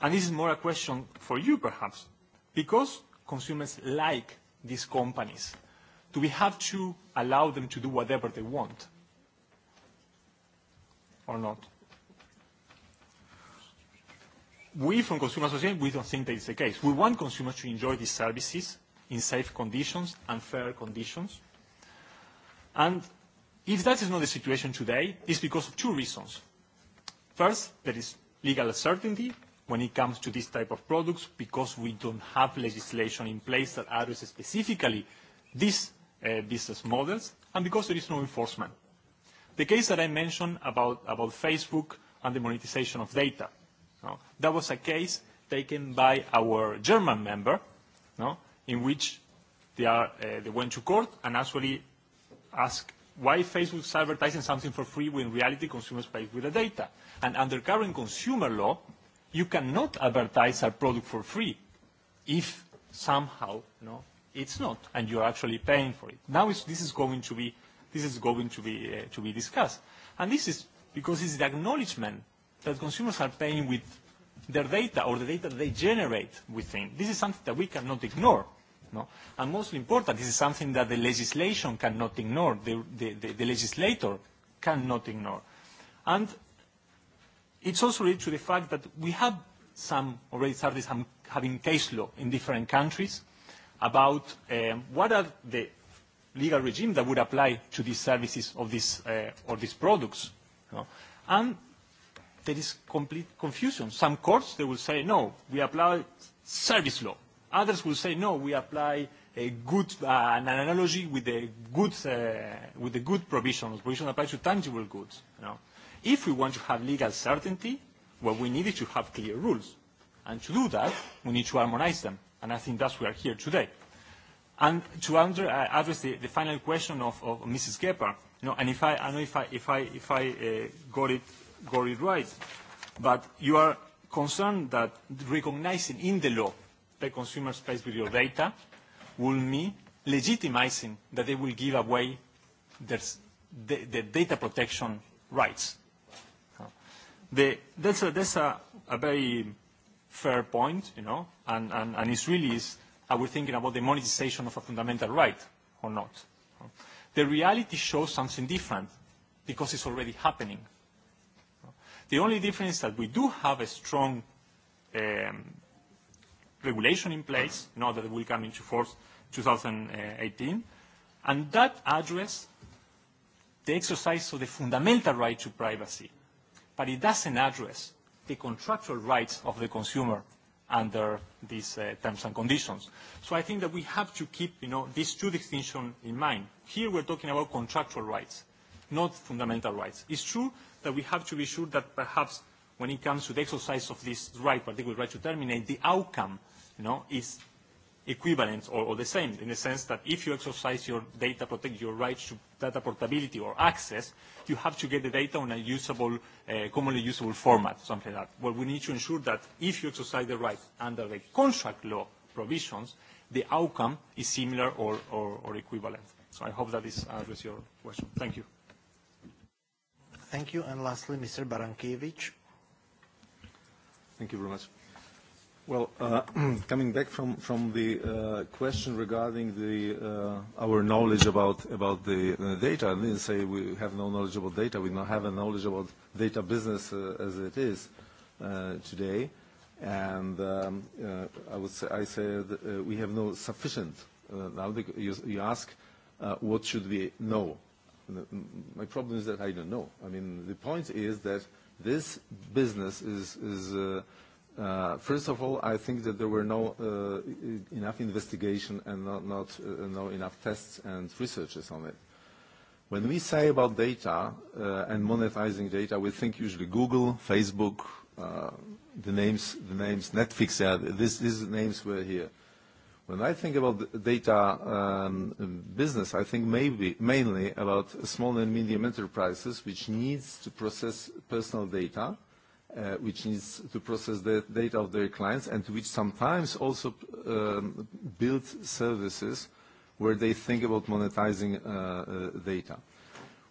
and this is more a question for you perhaps, because consumers like these companies, do we have to allow them to do whatever they want or not? We from Consumer Association, we don't think that is the case. We want consumers to enjoy these services in safe conditions and fair conditions. And if that is not the situation today, it's because of two reasons. First, there is legal certainty when it comes to this type of products because we don't have legislation in place that addresses specifically these uh, business models and because there is no enforcement. The case that I mentioned about, about Facebook and the monetization of data, you know, that was a case taken by our German member you know, in which they, are, uh, they went to court and actually asked why Facebook is advertising something for free when in reality consumers pay with the data. And under current consumer law, you cannot advertise a product for free if somehow you know, it's not and you're actually paying for it. Now it's, this is going, to be, this is going to, be, uh, to be discussed. And this is because it's the acknowledgement that consumers are paying with their data or the data they generate within. This is something that we cannot ignore. No? And most important, this is something that the legislation cannot ignore, the, the, the, the legislator cannot ignore. And it's also related to the fact that we have some, already started some, having case law in different countries about um, what are the legal regime that would apply to these services or these, uh, or these products. You know? And there is complete confusion. Some courts, they will say, no, we apply service law. Others will say, no, we apply a good, uh, an analogy with the good, uh, with the good provision. Provision applies to tangible goods. You know? If we want to have legal certainty, what we need is to have clear rules. And to do that, we need to harmonize them. And I think that's why we are here today. And to under, uh, address the, the final question of, of Mrs. Gepper, you know, and if I, I know if I, if I, if I uh, got, it, got it right, but you are concerned that recognizing in the law the consumer space with your data will mean legitimizing that they will give away their the, the data protection rights. The, that's a, that's a, a very fair point, you know, and, and, and it's really is, are we thinking about the monetization of a fundamental right or not? The reality shows something different because it's already happening. The only difference is that we do have a strong um, regulation in place, you know, that will come into force 2018. And that address the exercise of the fundamental right to privacy. But it doesn't address the contractual rights of the consumer under these uh, terms and conditions. So I think that we have to keep, you know, these two distinctions in mind. Here we're talking about contractual rights, not fundamental rights. It's true that we have to be sure that perhaps when it comes to the exercise of this right, particular right to terminate, the outcome you know, is equivalent or, or the same in the sense that if you exercise your data protect your rights to data portability or access, you have to get the data on a usable, uh, commonly usable format, something like that. Well, we need to ensure that if you exercise the rights under the contract law provisions, the outcome is similar or, or, or equivalent. So I hope that this answers your question. Thank you. Thank you. And lastly, Mr. Barankiewicz. Thank you very much. Well, uh, coming back from from the uh, question regarding the uh, our knowledge about about the uh, data, I didn't say we have no knowledge about data. We don't have a knowledge about data business uh, as it is uh, today, and um, uh, I would say I said uh, we have no sufficient. Uh, now the, you, you ask, uh, what should we know? My problem is that I don't know. I mean, the point is that this business is is. Uh, Uh, first of all, I think that there were no uh, e-, enough investigation and not, not uh, no enough tests and researches on it. When we say about data uh, and monetizing data, we think usually Google, Facebook, uh, the names, the names, Netflix. Yeah, these these names were here. When I think about the data um, business, I think maybe mainly about small and medium enterprises which needs to process personal data. Uh, which needs to process the data of their clients, and which sometimes also um, build services where they think about monetizing uh, uh, data.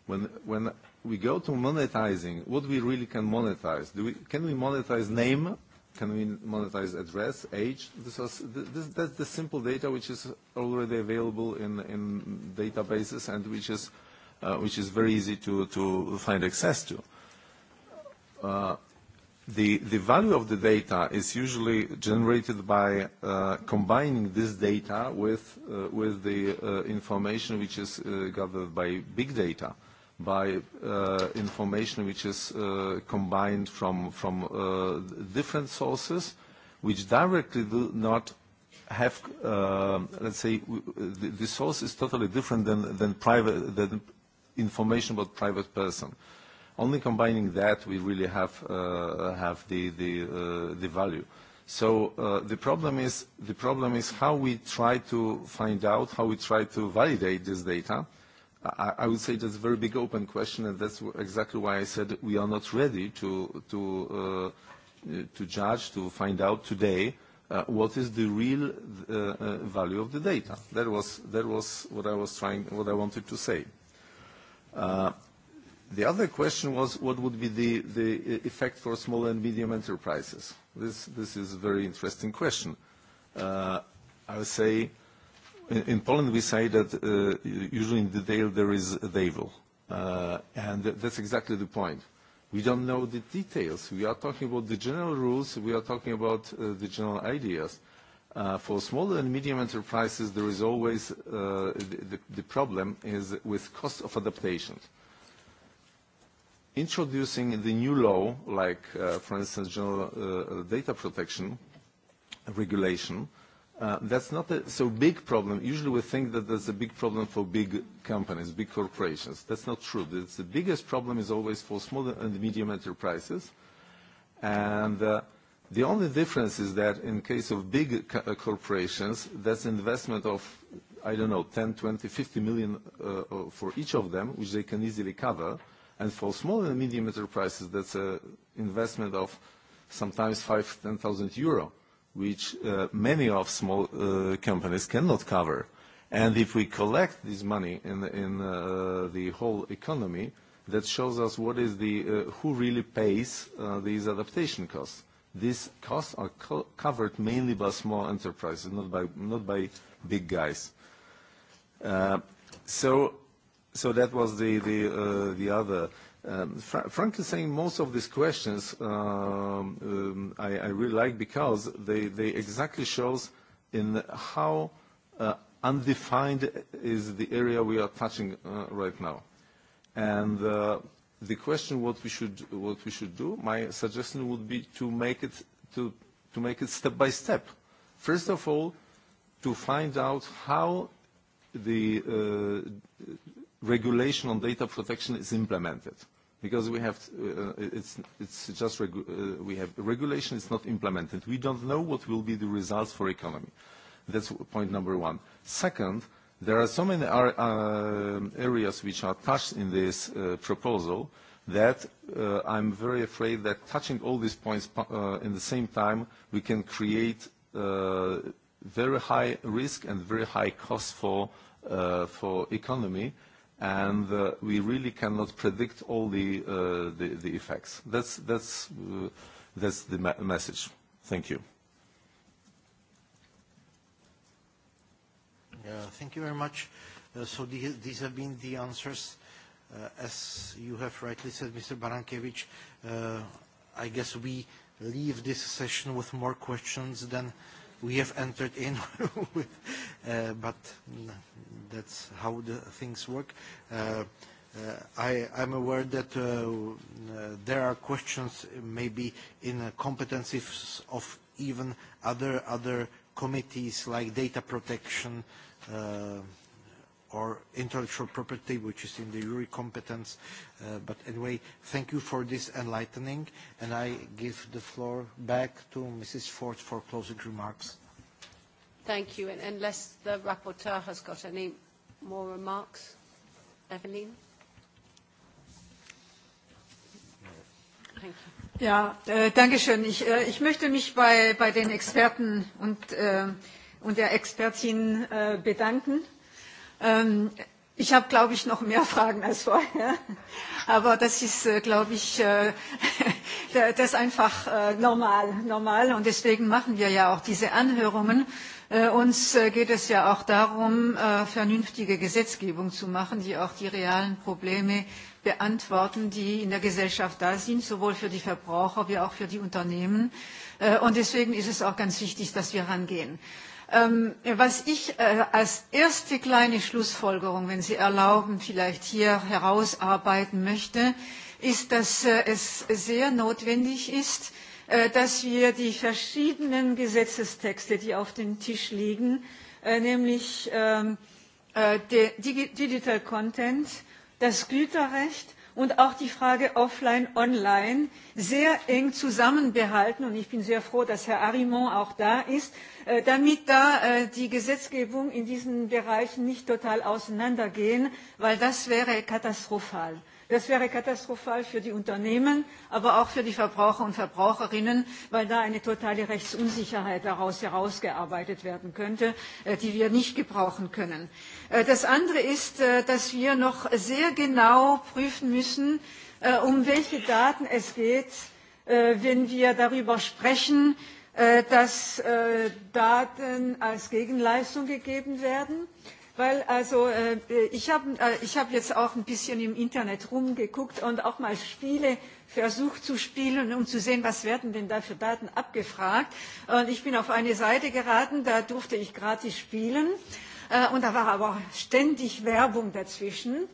When we go to monetizing, what we really can monetize? Can we monetize name? Can we monetize address, age? That's the simple data which is already available in databases and which is very easy to find access to the the value of the data is usually generated by uh, combining this data with uh, with the uh, information which is uh, gathered by big data by uh, information which is uh, combined from from uh, different sources which directly do not have uh, let's say the, the source is totally different than than private than information about private person uh, only combining that we really have, uh, have the, the, uh, the value. So uh, the, problem is, the problem is how we try to find out, how we try to validate this data. I, I would say that's a very big open question, and that's exactly why I said we are not ready to, to, uh, to judge, to find out today uh, what is the real uh, uh, value of the data. That was, that was what I was trying, what I wanted to say. Uh, The other question was, what would be the effect for small and medium enterprises? This is a very interesting question. Uh, I would say, in Poland, we say that uh, usually in detail there is a devil. Uh, that's exactly the point. We don't know the details. We are talking about the general rules. We are talking about the general ideas. For small and medium enterprises, there is always the problem is with cost of adaptations introducing the new law, like, uh, for instance, general uh, data protection regulation, uh, that's not a, so big problem. Usually we think that there's a big problem for big companies, big corporations. That's not true. It's the biggest problem is always for small and medium enterprises. And uh, the only difference is that in case of big co uh, corporations, that's investment of, I don't know, 10, 20, 50 million uh, uh, for each of them, which they can easily cover. Uh, For small and medium enterprises, that's an investment of sometimes 5,000-10,000 euro, which uh, many of small uh, companies cannot cover. If we collect this money in uh, the whole economy, that shows us what is the who really pays these adaptation costs. These costs are covered mainly by small enterprises, not by big guys. So So that was the the uh, the other. Um, fr frankly saying, most of these questions um, um, I, I really like because they they exactly shows in how uh, undefined is the area we are touching uh, right now, and. Uh, the question what we should what we should do my suggestion would be to make it to to make it step by step first of all to find out how the uh, regulation on data protection is implemented. Because we have uh, uh, regulation, it's not implemented. We don't know what will be the results for economy. That's point number one. Second, there are so many uh, areas which are touched in this proposal that I'm very afraid that touching all these points in the same time, we can create very high risk and very high cost for economy, and uh, we really cannot predict all the uh, effects. That's uh, the message. Thank you. Yeah. Thank you very much. These have been the answers. As you have rightly said, Mr. Barankiewicz, I guess we leave this session with more questions than we have entered in, with, uh, but that's how the things work. Uh, uh, I, I'm aware that uh, uh, there are questions maybe in the competencies of even other, other committees like data protection, uh, or intellectual property, which is in the jury competence. Uh, but anyway, thank you for this enlightening, and I give the floor back to Mrs. Ford for closing remarks. Thank you, and unless the rapporteur has got any more remarks, Evelyn? Thank you. Ja, äh, danke schön. Ich, äh, ich möchte mich bei, bei den Experten und, äh, und der Expertin äh, bedanken. Ähm, ich habe, glaube ich, noch mehr Fragen als vorher. Aber das ist, äh, glaube ich, äh, das ist einfach äh, normal, normal. Und deswegen machen wir ja auch diese Anhörungen. Äh, uns äh, geht es ja auch darum, äh, vernünftige Gesetzgebung zu machen, die auch die realen Probleme beantworten, die in der Gesellschaft da sind, sowohl für die Verbraucher wie auch für die Unternehmen. Äh, und deswegen ist es auch ganz wichtig, dass wir rangehen. Ähm, was ich äh, als erste kleine Schlussfolgerung, wenn Sie erlauben, vielleicht hier herausarbeiten möchte, ist, dass äh, es sehr notwendig ist, äh, dass wir die verschiedenen Gesetzestexte, die auf dem Tisch liegen, äh, nämlich ähm, äh, der Digi Digital Content, das Güterrecht und auch die frage offline online sehr eng zusammenbehalten und ich bin sehr froh dass herr arimon auch da ist äh, damit da äh, die gesetzgebung in diesen bereichen nicht total auseinandergeht denn das wäre katastrophal. Das wäre katastrophal für die Unternehmen, aber auch für die Verbraucher und Verbraucherinnen, weil da eine totale Rechtsunsicherheit daraus herausgearbeitet werden könnte, äh, die wir nicht gebrauchen können. Äh, das andere ist, äh, dass wir noch sehr genau prüfen müssen, um welche Daten es geht, wenn wir darüber sprechen, dass Daten als Gegenleistung gegeben werden weil also äh, ich habe äh, hab jetzt auch ein bisschen im Internet rumgeguckt und auch mal Spiele versucht zu spielen, um zu sehen, was werden denn da für Daten abgefragt. Und ich bin auf eine Seite geraten, da durfte ich gratis spielen. Äh, und da war aber ständig Werbung dazwischen.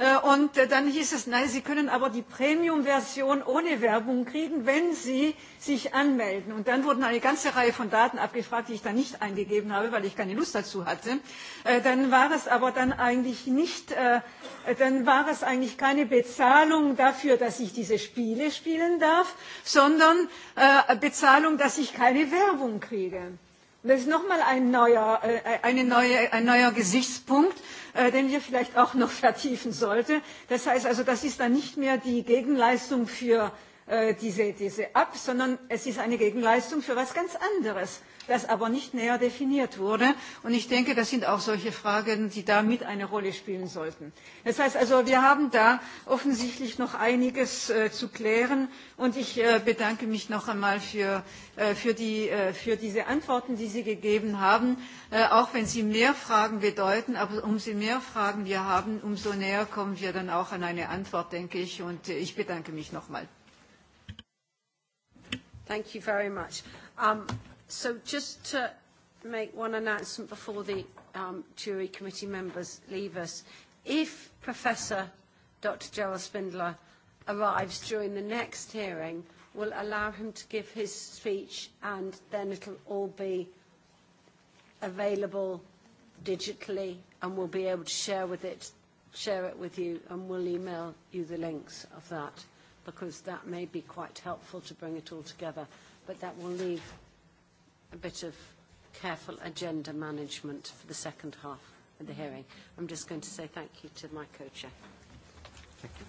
Äh, und äh, dann hieß es, nein, Sie können aber die Premium-Version ohne Werbung kriegen, wenn Sie sich anmelden. Und dann wurden eine ganze Reihe von Daten abgefragt, die ich da nicht eingegeben habe, weil ich keine Lust dazu hatte. Äh, dann war es aber dann eigentlich nicht, dann war es eigentlich keine Bezahlung dafür, dass ich diese Spiele spielen darf, sondern Bezahlung, dass ich keine Werbung kriege. Das ist nochmal ein neuer, äh, eine neue, ein neuer Gesichtspunkt, äh, den wir vielleicht auch noch vertiefen sollten. Das heißt also, das ist dann nicht mehr die Gegenleistung für Äh, diese, diese ab, sondern es ist eine Gegenleistung für etwas ganz anderes, das aber nicht näher definiert wurde. Und ich denke, das sind auch solche Fragen, die da mit eine Rolle spielen sollten. Das heißt also, wir haben da offensichtlich noch einiges äh, zu klären. Und ich äh, bedanke mich noch einmal für, äh, für, die, äh, für diese Antworten, die Sie gegeben haben. Äh, auch wenn Sie mehr Fragen bedeuten, aber umso mehr Fragen wir haben, umso näher kommen wir dann auch an eine Antwort, denke ich. Und äh, ich bedanke mich nochmal. Thank you very much. Um, so just to make one announcement before the um, jury committee members leave us, if Professor Dr. Gerald Spindler arrives during the next hearing, we'll allow him to give his speech and then it'll all be available digitally and we'll be able to share with it share it with you and we'll email you the links of that because that may be quite helpful to bring it all together. But that will leave a bit of careful agenda management for the second half of the hearing. I'm just going to say thank you to my co-chair. Thank you.